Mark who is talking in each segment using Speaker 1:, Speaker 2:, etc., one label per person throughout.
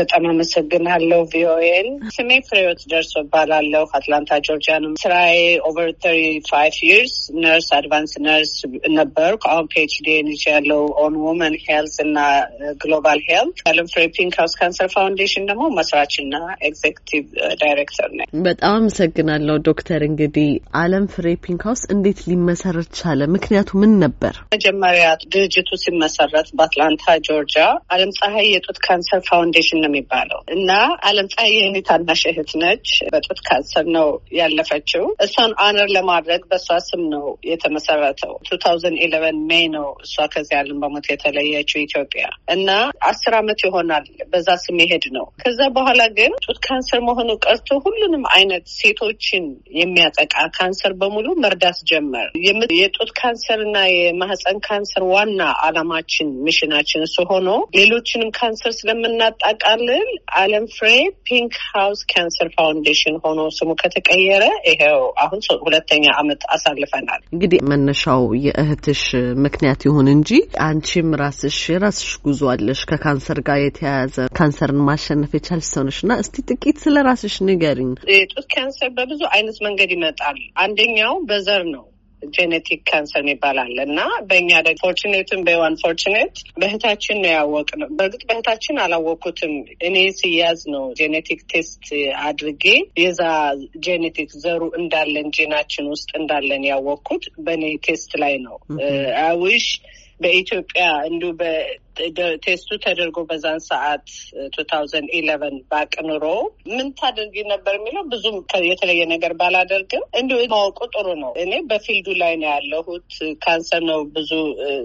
Speaker 1: በጣም አመሰግናለሁ ቪኦኤን። ስሜ ፍሬዎት ደርሶ እባላለሁ። አትላንታ ጆርጂያ ነው። ስራዬ ኦቨር ተሪ ፋይቭ ይርስ ነርስ አድቫንስ ነርስ ነበር። አሁን ፒኤችዲ ንጅ ያለው ኦን ውመን ሄልት እና ግሎባል uh, ሄልት አለም ፍሬ ፒንክ ሀውስ ካንሰር ፋውንዴሽን ደግሞ መስራችና ኤግዜክቲቭ ዳይሬክተር ነ
Speaker 2: በጣም አመሰግናለሁ ዶክተር። እንግዲህ አለም ፍሬ ፒንክ ሀውስ እንዴት ሊመሰረት ቻለ? ምክንያቱ ምን ነበር?
Speaker 1: መጀመሪያ ድርጅቱ ሲመሰረት በአትላንታ ጆርጂያ አለም ፀሐይ የጡት ካንሰር ፋውንዴሽን የሚባለው እና አለም ፀሐይ የኔ ታናሽ እህት ነች። በጡት ካንሰር ነው ያለፈችው። እሷን አነር ለማድረግ በእሷ ስም ነው የተመሰረተው። ቱ ታውዘንድ ኢለቨን ሜይ ነው እሷ ከዚህ ዓለም በሞት የተለየችው ኢትዮጵያ እና አስር አመት ይሆናል በዛ ስም ይሄድ ነው። ከዛ በኋላ ግን ጡት ካንሰር መሆኑ ቀርቶ ሁሉንም አይነት ሴቶችን የሚያጠቃ ካንሰር በሙሉ መርዳት ጀመር። የጡት ካንሰር እና የማህፀን ካንሰር ዋና አላማችን ሚሽናችን እሱ ሆኖ ሌሎችንም ካንሰር ስለምናጣቃ ክልል አለም ፍሬ ፒንክ ሀውስ ካንሰር ፋውንዴሽን ሆኖ ስሙ ከተቀየረ ይኸው አሁን ሁለተኛ አመት አሳልፈናል።
Speaker 2: እንግዲህ መነሻው የእህትሽ ምክንያት ይሁን እንጂ አንቺም ራስሽ የራስሽ ጉዞ አለሽ ከካንሰር ጋር የተያያዘ ካንሰርን ማሸነፍ የቻልሽ ሰው ነሽ እና እስቲ ጥቂት ስለ ራስሽ ንገሪኝ።
Speaker 1: የጡት ካንሰር በብዙ አይነት መንገድ ይመጣል። አንደኛው በዘር ነው። ጄኔቲክ ካንሰር የሚባል አለ እና በእኛ ደግሞ ፎርቹኔትን በአንፎርቹኔት በህታችን ነው ያወቅ ነው። በእርግጥ በህታችን አላወቅኩትም። እኔ ስያዝ ነው ጄኔቲክ ቴስት አድርጌ የዛ ጄኔቲክ ዘሩ እንዳለን ጄናችን ውስጥ እንዳለን ያወቅኩት በእኔ ቴስት ላይ ነው አዊሽ በኢትዮጵያ እንዲሁ ቴስቱ ተደርጎ በዛን ሰዓት ቱ ታውዘንድ ኢለቨን ባቅ ኑሮ ምን ታደርጊ ነበር የሚለው ብዙም የተለየ ነገር ባላደርግም እንዲሁ ማወቁ ጥሩ ነው። እኔ በፊልዱ ላይ ነው ያለሁት። ካንሰር ነው ብዙ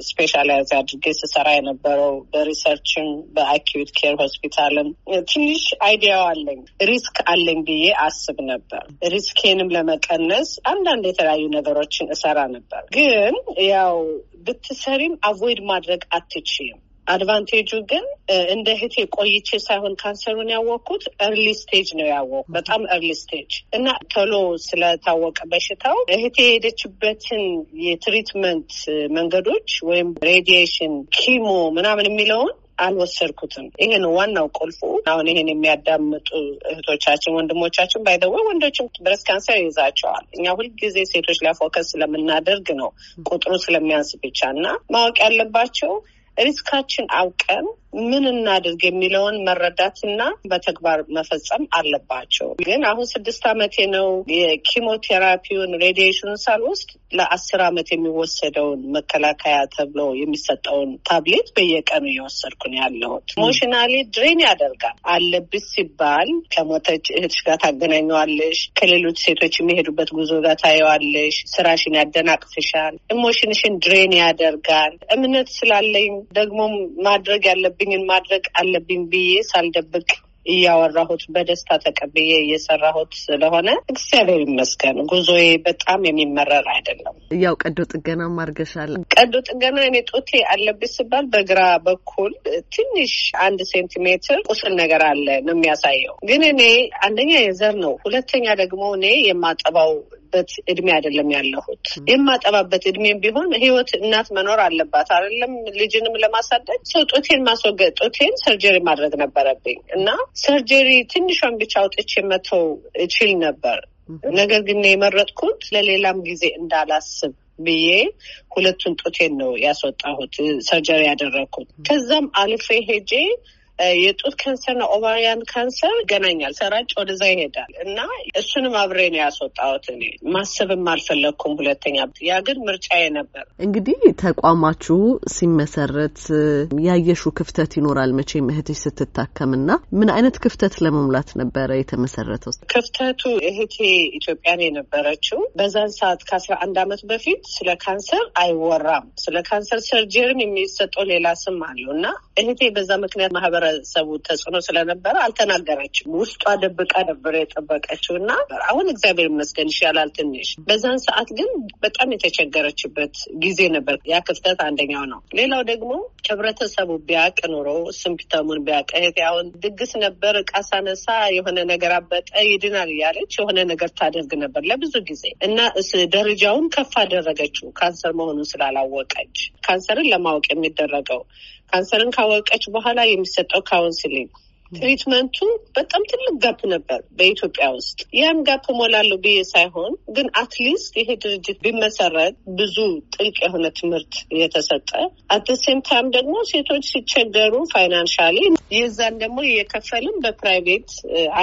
Speaker 1: ስፔሻላይዝ አድርጌ ስሰራ የነበረው በሪሰርችም በአኪዩት ኬር ሆስፒታልም ትንሽ አይዲያው አለኝ፣ ሪስክ አለኝ ብዬ አስብ ነበር። ሪስኬንም ለመቀነስ አንዳንድ የተለያዩ ነገሮችን እሰራ ነበር። ግን ያው ብትሰሪም አቮይድ ማድረግ አትችይም። አድቫንቴጁ ግን እንደ እህቴ ቆይቼ ሳይሆን ካንሰሩን ያወቅኩት እርሊ ስቴጅ ነው ያወቅኩት፣ በጣም ርሊ ስቴጅ እና ቶሎ ስለታወቀ በሽታው እህቴ የሄደችበትን የትሪትመንት መንገዶች ወይም ሬዲዬሽን፣ ኪሞ ምናምን የሚለውን አልወሰድኩትም። ይህን ዋናው ቁልፉ። አሁን ይሄን የሚያዳምጡ እህቶቻችን ወንድሞቻችን፣ ባይደወ ወንዶችም ብረስ ካንሰር ይዛቸዋል። እኛ ሁልጊዜ ሴቶች ላይ ፎከስ ስለምናደርግ ነው ቁጥሩ ስለሚያንስ ብቻ እና ማወቅ ያለባቸው ሪስካችን አውቀን ምን እናድርግ የሚለውን መረዳትና በተግባር መፈጸም አለባቸው። ግን አሁን ስድስት ዓመቴ ነው የኪሞቴራፒውን ሬዲዬሽን ሳልወስድ ለአስር ዓመት የሚወሰደውን መከላከያ ተብሎ የሚሰጠውን ታብሌት በየቀኑ እየወሰድኩ ነው ያለሁት። ኢሞሽናሊ ድሬን ያደርጋል። አለብሽ ሲባል ከሞተች እህትሽ ጋር ታገናኘዋለሽ፣ ከሌሎች ሴቶች የሚሄዱበት ጉዞ ጋር ታየዋለሽ፣ ስራሽን ያደናቅፍሻል፣ ኢሞሽንሽን ድሬን ያደርጋል። እምነት ስላለኝ ደግሞ ማድረግ ያለብኝ ያለብኝን ማድረግ አለብኝ ብዬ ሳልደብቅ እያወራሁት በደስታ ተቀብዬ እየሰራሁት ስለሆነ እግዚአብሔር ይመስገን። ጉዞዬ በጣም የሚመረር አይደለም።
Speaker 2: ያው ቀዶ ጥገና ማርገሻል።
Speaker 1: ቀዶ ጥገና እኔ ጡቴ አለብኝ ስባል በግራ በኩል ትንሽ አንድ ሴንቲሜትር ቁስል ነገር አለ ነው የሚያሳየው። ግን እኔ አንደኛ የዘር ነው፣ ሁለተኛ ደግሞ እኔ የማጠባው የማጠባበት እድሜ አይደለም ያለሁት። የማጠባበት እድሜም ቢሆን ህይወት እናት መኖር አለባት አይደለም። ልጅንም ለማሳደግ ሰው ጡቴን ማስወገድ ጡቴን ሰርጀሪ ማድረግ ነበረብኝ እና ሰርጀሪ ትንሿን ብቻ አውጥቼ መተው እችል ነበር። ነገር ግን የመረጥኩት ለሌላም ጊዜ እንዳላስብ ብዬ ሁለቱን ጡቴን ነው ያስወጣሁት፣ ሰርጀሪ ያደረግኩት። ከዛም አልፌ ሄጄ የጡት ካንሰርና ኦቫሪያን ካንሰር ይገናኛል። ሰራጭ ወደዛ ይሄዳል እና እሱንም አብሬ ነው ያስወጣሁት። እኔ ማሰብም አልፈለግኩም ሁለተኛ። ያ ግን ምርጫዬ ነበር።
Speaker 2: እንግዲህ ተቋማችሁ ሲመሰረት ያየሹ ክፍተት ይኖራል መቼም እህትሽ ስትታከምና ምን አይነት ክፍተት ለመሙላት ነበረ የተመሰረተው?
Speaker 1: ክፍተቱ እህቴ ኢትዮጵያን የነበረችው በዛን ሰዓት ከአስራ አንድ አመት በፊት ስለ ካንሰር አይወራም። ስለ ካንሰር ሰርጀርን የሚሰጠው ሌላ ስም አለው እና እህቴ በዛ ምክንያት ማህበረ ማህበረሰቡ ተጽዕኖ ስለነበረ አልተናገረችም። ውስጧ ደብቃ ነበረ የጠበቀችው እና አሁን እግዚአብሔር ይመስገን ይሻላል ትንሽ። በዛን ሰዓት ግን በጣም የተቸገረችበት ጊዜ ነበር። ያ ክፍተት አንደኛው ነው። ሌላው ደግሞ ህብረተሰቡ ቢያቅ ኑሮ ስምፕተሙን ቢያቅ እህቴ አሁን ድግስ ነበር እቃ ሳነሳ የሆነ ነገር አበጠ ይድናል እያለች የሆነ ነገር ታደርግ ነበር ለብዙ ጊዜ እና ደረጃውን ከፍ አደረገችው ካንሰር መሆኑን ስላላወቀች ካንሰርን ለማወቅ የሚደረገው ካንሰርን ካወቀች በኋላ የሚሰጠው ካውንስሊንግ ትሪትመንቱ በጣም ትልቅ ጋፕ ነበር በኢትዮጵያ ውስጥ። ያም ጋፕ ሞላለሁ ብዬ ሳይሆን ግን አትሊስት ይሄ ድርጅት ቢመሰረት ብዙ ጥልቅ የሆነ ትምህርት የተሰጠ አት ሴም ታይም ደግሞ ሴቶች ሲቸገሩ ፋይናንሻሊ የዛን ደግሞ እየከፈልን በፕራይቬት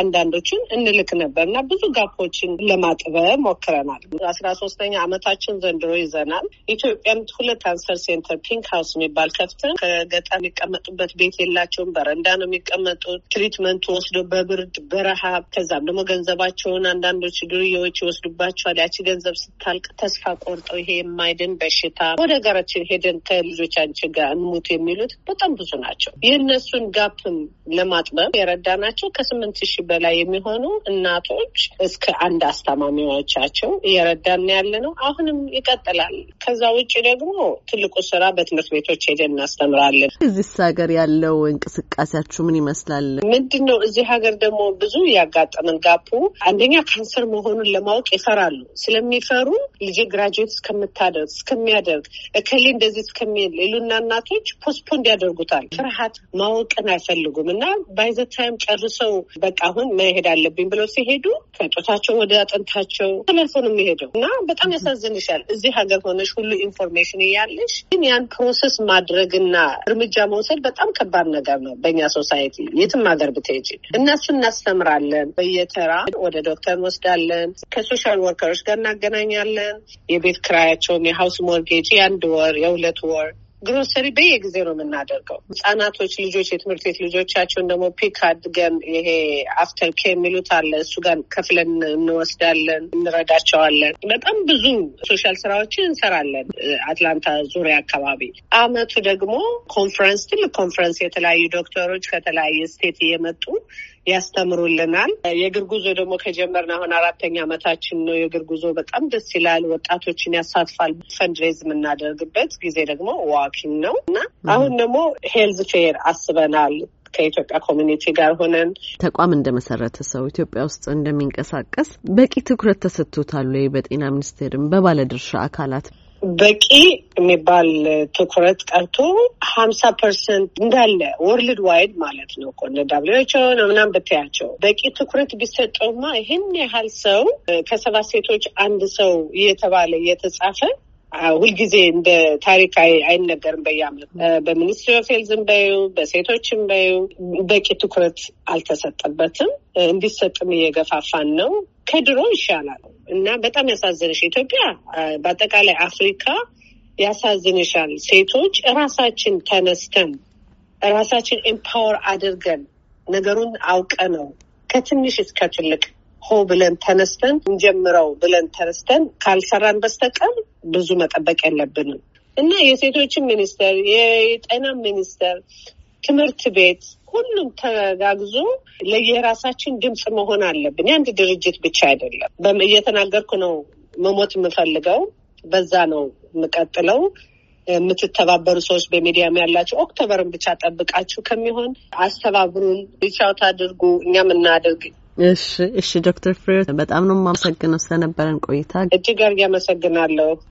Speaker 1: አንዳንዶችን እንልክ ነበር እና ብዙ ጋፖችን ለማጥበብ ሞክረናል። አስራ ሶስተኛ አመታችን ዘንድሮ ይዘናል። ኢትዮጵያም ሁለት ካንሰር ሴንተር ፒንክ ሀውስ የሚባል ከፍተን ከገጠር የሚቀመጡበት ቤት የላቸውም፣ በረንዳ ነው የሚቀመጡት ትሪትመንት ወስዶ በብርድ በረሃብ ከዛም ደግሞ ገንዘባቸውን አንዳንዶች ዱርዬዎች ይወስዱባቸዋል። ያቺ ገንዘብ ስታልቅ ተስፋ ቆርጠው ይሄ የማይድን በሽታ ወደ ሀገራችን ሄደን ከልጆች አንቺ ጋር እንሙት የሚሉት በጣም ብዙ ናቸው። የእነሱን ጋፕም ለማጥበብ የረዳናቸው ከስምንት ሺህ በላይ የሚሆኑ እናቶች እስከ አንድ አስታማሚዎቻቸው እየረዳን ያለ ነው። አሁንም ይቀጥላል። ከዛ ውጭ ደግሞ ትልቁ ስራ በትምህርት ቤቶች ሄደን እናስተምራለን።
Speaker 2: እዚህ ሀገር ያለው እንቅስቃሴያችሁ ምን ይመስላል? ይላል። ምንድን
Speaker 1: ነው እዚህ ሀገር ደግሞ ብዙ ያጋጠመን ጋፑ አንደኛ ካንሰር መሆኑን ለማወቅ ይፈራሉ። ስለሚፈሩ ልጅ ግራጁዌት እስከምታደርግ እስከሚያደርግ እከሌ እንደዚህ እስከሚል ሌሉና እናቶች ፖስፖንድ ያደርጉታል። ፍርሃት ማወቅን አይፈልጉም እና ባይዘ ታይም ጨርሰው በቃ አሁን መሄድ አለብኝ ብለው ሲሄዱ ከጦታቸው ወደ አጥንታቸው ተመልሶ ነው የሚሄደው እና በጣም ያሳዝንሻል። እዚህ ሀገር ሆነሽ ሁሉ ኢንፎርሜሽን እያለሽ ግን ያን ፕሮሰስ ማድረግና እርምጃ መውሰድ በጣም ከባድ ነገር ነው በእኛ ሶሳይቲ የትም ሀገር ብትሄጂ እነሱ እናስተምራለን። በየተራ ወደ ዶክተር እንወስዳለን። ከሶሻል ወርከሮች ጋር እናገናኛለን። የቤት ክራያቸውን የሀውስ ሞርጌጅ የአንድ ወር የሁለት ወር ግሮሰሪ በየጊዜው ነው የምናደርገው። ህጻናቶች ልጆች የትምህርት ቤት ልጆቻቸውን ደግሞ ፒክ አድገን ይሄ አፍተር ኬ የሚሉት አለ። እሱ ጋር ከፍለን እንወስዳለን፣ እንረዳቸዋለን። በጣም ብዙ ሶሻል ስራዎችን እንሰራለን አትላንታ ዙሪያ አካባቢ። አመቱ ደግሞ ኮንፈረንስ፣ ትልቅ ኮንፈረንስ የተለያዩ ዶክተሮች ከተለያየ ስቴት እየመጡ ያስተምሩልናል። የእግር ጉዞ ደግሞ ከጀመርን አሁን አራተኛ ዓመታችን ነው። የእግር ጉዞ በጣም ደስ ይላል። ወጣቶችን ያሳትፋል። ፈንድሬዝ የምናደርግበት ጊዜ ደግሞ ዋኪን ነው እና አሁን ደግሞ ሄልዝ ፌር አስበናል ከኢትዮጵያ ኮሚኒቲ ጋር ሆነን
Speaker 2: ተቋም እንደመሰረተ ሰው ኢትዮጵያ ውስጥ እንደሚንቀሳቀስ በቂ ትኩረት ተሰጥቶታል ወይ? በጤና ሚኒስቴርም በባለድርሻ አካላት
Speaker 1: በቂ የሚባል ትኩረት ቀርቶ ሀምሳ ፐርሰንት እንዳለ ወርልድ ዋይድ ማለት ነው እኮ እነ ዳብሊው ኤች ምናምን ብትያቸው በቂ ትኩረት ቢሰጠውማ ይህን ያህል ሰው ከሰባት ሴቶች አንድ ሰው እየተባለ እየተጻፈ ሁልጊዜ እንደ ታሪክ አይነገርም። በየዓመቱ በሚኒስትሪ ኦፍ ሄልዝም በዩ በሴቶችም በዩ በቂ ትኩረት አልተሰጠበትም። እንዲሰጥም እየገፋፋን ነው። ከድሮ ይሻላል። እና በጣም ያሳዝንሽ ኢትዮጵያ፣ በአጠቃላይ አፍሪካ ያሳዝንሻል። ሴቶች እራሳችን ተነስተን እራሳችን ኤምፓወር አድርገን ነገሩን አውቀ ነው ከትንሽ እስከ ትልቅ ሆ ብለን ተነስተን እንጀምረው ብለን ተነስተን ካልሰራን በስተቀር ብዙ መጠበቅ ያለብንም እና የሴቶችን ሚኒስተር የጤና ሚኒስቴር፣ ትምህርት ቤት ሁሉም ተጋግዞ ለየራሳችን ድምፅ መሆን አለብን። የአንድ ድርጅት ብቻ አይደለም። እየተናገርኩ ነው መሞት የምፈልገው በዛ ነው የምቀጥለው። የምትተባበሩ ሰዎች በሚዲያም ያላቸው ኦክቶበርን ብቻ ጠብቃችሁ ከሚሆን አስተባብሩን፣ ሪቻውት አድርጉ፣ እኛም እናድርግ።
Speaker 2: እሺ፣ እሺ። ዶክተር ፍሬ በጣም ነው የማመሰግነው ስለነበረን ቆይታ
Speaker 1: እጅግ አድርጌ አመሰግናለሁ።